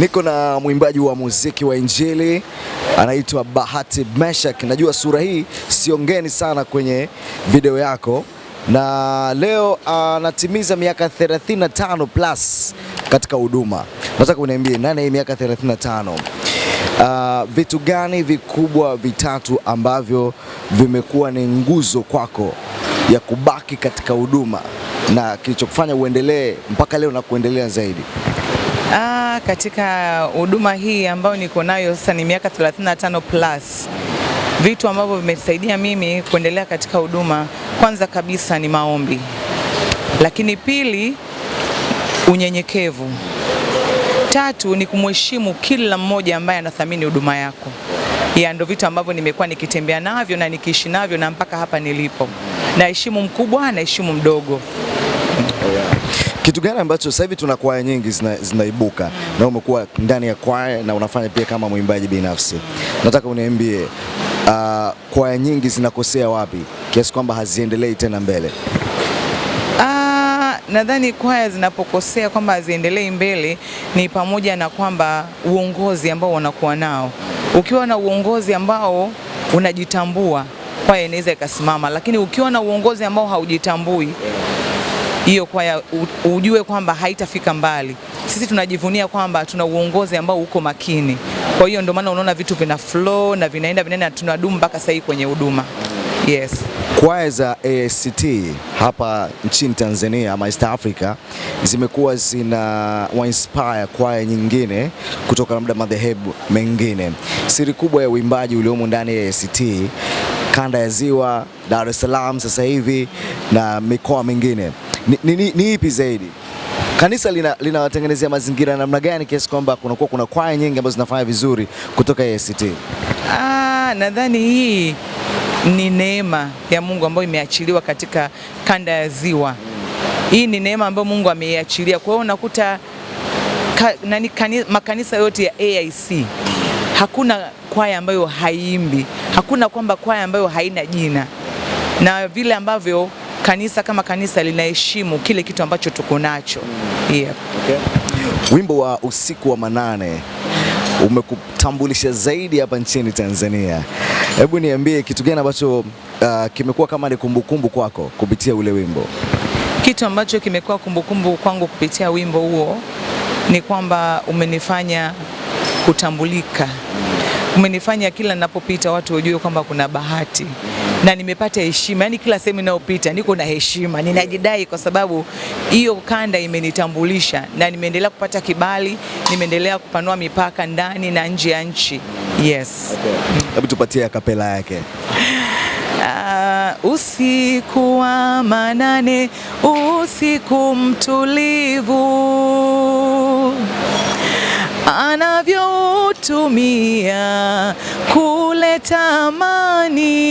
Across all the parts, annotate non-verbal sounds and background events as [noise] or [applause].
Niko na mwimbaji wa muziki wa Injili anaitwa Bahati Meshak. Najua sura hii siongeni sana kwenye video yako, na leo ah, anatimiza miaka 35 plus katika huduma. Nataka uniambie nani hii miaka 35, uh, ah, vitu gani vikubwa vitatu ambavyo vimekuwa ni nguzo kwako ya kubaki katika huduma na kilichokufanya uendelee mpaka leo na kuendelea zaidi? Ah, katika huduma hii ambayo niko nayo sasa ni miaka 35 plus. Vitu ambavyo vimesaidia mimi kuendelea katika huduma, kwanza kabisa ni maombi, lakini pili, unyenyekevu, tatu ni kumheshimu kila mmoja ambaye anathamini huduma yako. Ya ndio vitu ambavyo nimekuwa nikitembea navyo na nikiishi navyo na mpaka hapa nilipo, na mkubwa na heshimu mdogo. Kitu gani ambacho sasa hivi tuna kwaya nyingi zina, zinaibuka na umekuwa ndani ya kwaya na unafanya pia kama mwimbaji binafsi, nataka uniambie uh, kwaya nyingi zinakosea wapi kiasi kwamba haziendelei tena mbele? Ah, nadhani kwaya zinapokosea kwamba haziendelei mbele ni pamoja na kwamba uongozi ambao wanakuwa nao. Ukiwa na uongozi ambao unajitambua, kwaya inaweza ikasimama, lakini ukiwa na uongozi ambao haujitambui hiyo kwaya ujue kwamba haitafika mbali. Sisi tunajivunia kwamba tuna uongozi ambao uko makini, kwa hiyo ndio maana unaona vitu vina flow na vinaenda vinaenda, tunadumu mpaka sasa hivi kwenye huduma. Yes. Kwaya za AICT hapa nchini Tanzania ama East Africa zimekuwa zina wa inspire kwaya nyingine kutoka labda madhehebu mengine. Siri kubwa ya uimbaji uliomo ndani ya AICT kanda ya Ziwa, Dar es Salaam sasa hivi na mikoa mingine, ni, ni, ni, ni ipi zaidi kanisa linawatengenezea lina mazingira namna gani kiasi kwamba kunakuwa kuna kwaya nyingi ambazo zinafanya vizuri kutoka ACT? Ah, nadhani hii ni neema ya Mungu ambayo imeachiliwa katika kanda ya Ziwa. Hii ni neema ambayo Mungu ameiachilia. Kwa hiyo unakuta ka, nani, kanisa, makanisa yote ya AIC hakuna kwaya ambayo haiimbi, hakuna kwamba kwaya ambayo haina jina, na vile ambavyo kanisa kama kanisa linaheshimu kile kitu ambacho tuko nacho yeah. Okay. Wimbo wa usiku wa manane umekutambulisha zaidi hapa nchini Tanzania. Hebu niambie kitu gani ambacho uh, kimekuwa kama ni kumbukumbu kwako kupitia ule wimbo? Kitu ambacho kimekuwa kumbukumbu kwangu kupitia wimbo huo ni kwamba umenifanya kutambulika, umenifanya kila ninapopita watu wajue kwamba kuna Bahati na nimepata heshima. Yani kila sehemu ninayopita niko na heshima, ninajidai kwa sababu hiyo kanda imenitambulisha, na nimeendelea kupata kibali, nimeendelea kupanua mipaka ndani na nje ya nchi. Yes. Okay. Hebu tupatie akapela yake. Uh, usiku wa manane, usiku mtulivu anavyoutumia kuleta amani,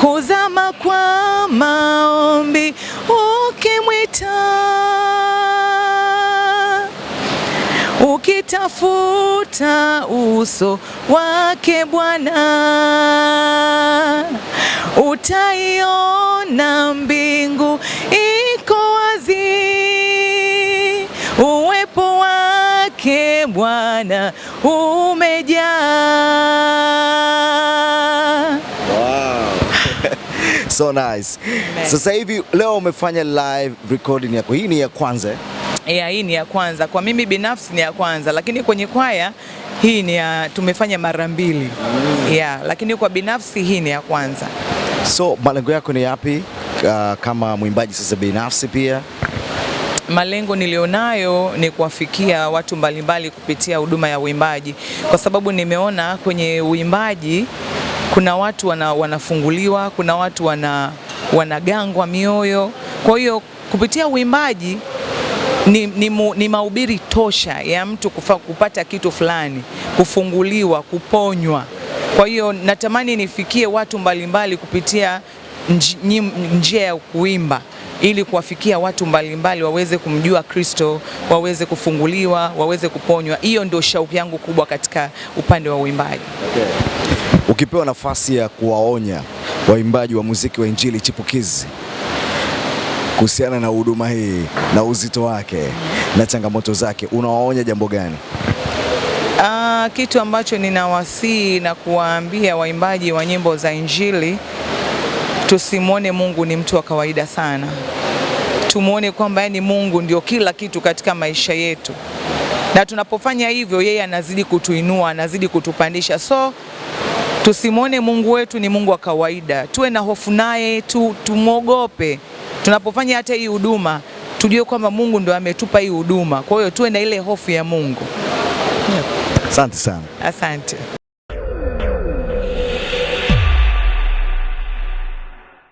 kuzama kwa maombi ukimwita, ukitafuta uso wake Bwana utaiona mbingu. Bwana umejaa. Wow. [laughs] So nice. Sasa hivi leo umefanya live recording yako, hii ni ya kwanza? Eh? ya hii ni ya kwanza kwa mimi binafsi ni ya kwanza, lakini kwenye kwaya hii ni ya tumefanya mara mbili. Mm. ya lakini kwa binafsi hii ni ya kwanza. So malengo yako ni yapi, uh, kama mwimbaji sasa binafsi pia malengo nilionayo ni kuwafikia watu mbalimbali kupitia huduma ya uimbaji, kwa sababu nimeona kwenye uimbaji kuna watu wana, wanafunguliwa, kuna watu wana, wanagangwa mioyo. Kwa hiyo kupitia uimbaji ni, ni, ni mahubiri tosha ya mtu kufa, kupata kitu fulani, kufunguliwa, kuponywa. Kwa hiyo natamani nifikie watu mbalimbali kupitia njia ya kuimba ili kuwafikia watu mbalimbali mbali, waweze kumjua Kristo, waweze kufunguliwa, waweze kuponywa. Hiyo ndio shauku yangu kubwa katika upande wa uimbaji. Okay. Ukipewa nafasi ya kuwaonya waimbaji wa muziki wa injili chipukizi kuhusiana na huduma hii na uzito wake na changamoto zake, unawaonya jambo gani? Aa, ah, kitu ambacho ninawasihi na kuwaambia waimbaji wa nyimbo za injili tusimwone Mungu ni mtu wa kawaida sana, tumwone kwamba ni yaani Mungu ndio kila kitu katika maisha yetu, na tunapofanya hivyo, yeye anazidi kutuinua, anazidi kutupandisha. So tusimwone Mungu wetu ni Mungu wa kawaida, tuwe na hofu naye tu, tumwogope. Tunapofanya hata hii huduma tujue kwamba Mungu ndio ametupa hii huduma, kwa hiyo tuwe na ile hofu ya Mungu. Asante sana. Asante.